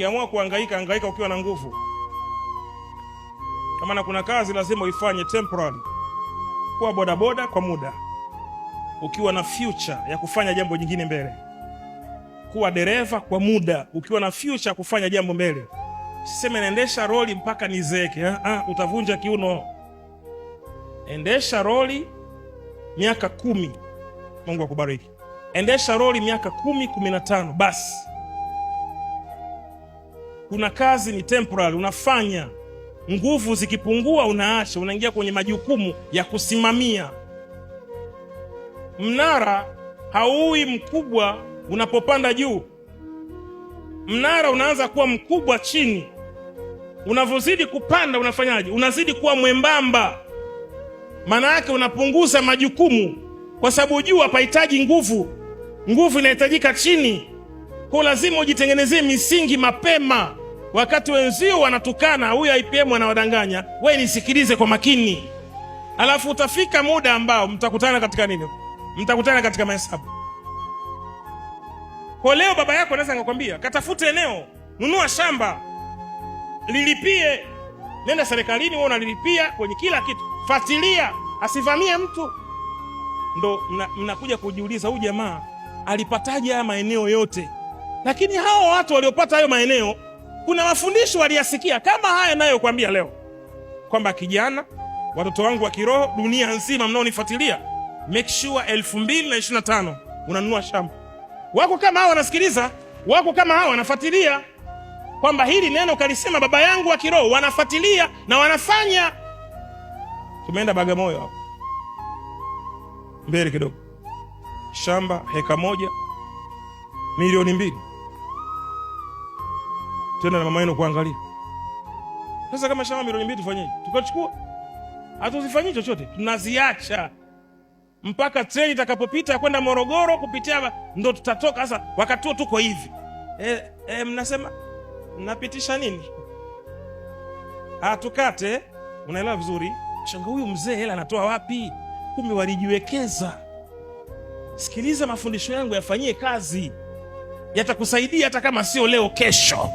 Ukiamua kuhangaika, hangaika ukiwa na nguvu, kwa kuna kazi lazima uifanye temporary. Kuwa bodaboda kwa muda, ukiwa na future ya kufanya jambo jingine mbele. Kuwa dereva kwa muda, ukiwa na future ya kufanya jambo mbele. Siseme naendesha roli mpaka nizeeke, ah, ah utavunja kiuno. Endesha roli miaka kumi, Mungu akubariki. Endesha roli miaka kumi, kumi na tano, basi kuna kazi ni temporal, unafanya nguvu zikipungua, unaacha, unaingia kwenye majukumu ya kusimamia. Mnara hauwi mkubwa unapopanda juu, mnara unaanza kuwa mkubwa chini. Unavyozidi kupanda unafanyaje? Unazidi kuwa mwembamba, maana yake unapunguza majukumu, kwa sababu juu hapahitaji nguvu, nguvu inahitajika chini. Kwa lazima ujitengenezee misingi mapema. Wakati wenzio wanatukana, huyo IPM anawadanganya, we nisikilize kwa makini, alafu utafika muda ambao mtakutana katika nini? Mtakutana katika mahesabu. Kwa leo baba yako anaweza ngakwambia, katafute eneo, nunua shamba, lilipie, nenda serikalini, wewe unalilipia kwenye kila kitu, fatilia asivamie mtu. Ndo mnakuja mna kujiuliza huyu jamaa alipataje haya maeneo yote? Lakini hao watu waliopata hayo maeneo kuna mafundisho waliyasikia kama haya nayokwambia leo kwamba kijana, watoto wangu wa kiroho, dunia nzima mnaonifuatilia, make sure tano unanunua shamba. Wako kama hawa wanasikiliza, wako kama hawa wanafuatilia kwamba hili neno kalisema baba yangu wa kiroho, wanafuatilia na wanafanya. Tumeenda Bagamoyo hapo mbele kidogo, shamba heka moja milioni mbili tena na mama yenu kuangalia. Sasa kama shamba milioni mbili tufanyeje? Tukachukua? Hatuzifanyii chochote, tunaziacha mpaka treni itakapopita kwenda Morogoro kupitia, ndo tutatoka. Sasa wakati huo tuko hivi e, e, mnasema napitisha nini? Atukate, unaelewa vizuri. Shanga huyu mzee hela anatoa wapi? Kumbe walijiwekeza. Sikiliza mafundisho yangu, yafanyie kazi, yatakusaidia hata kama sio leo, kesho.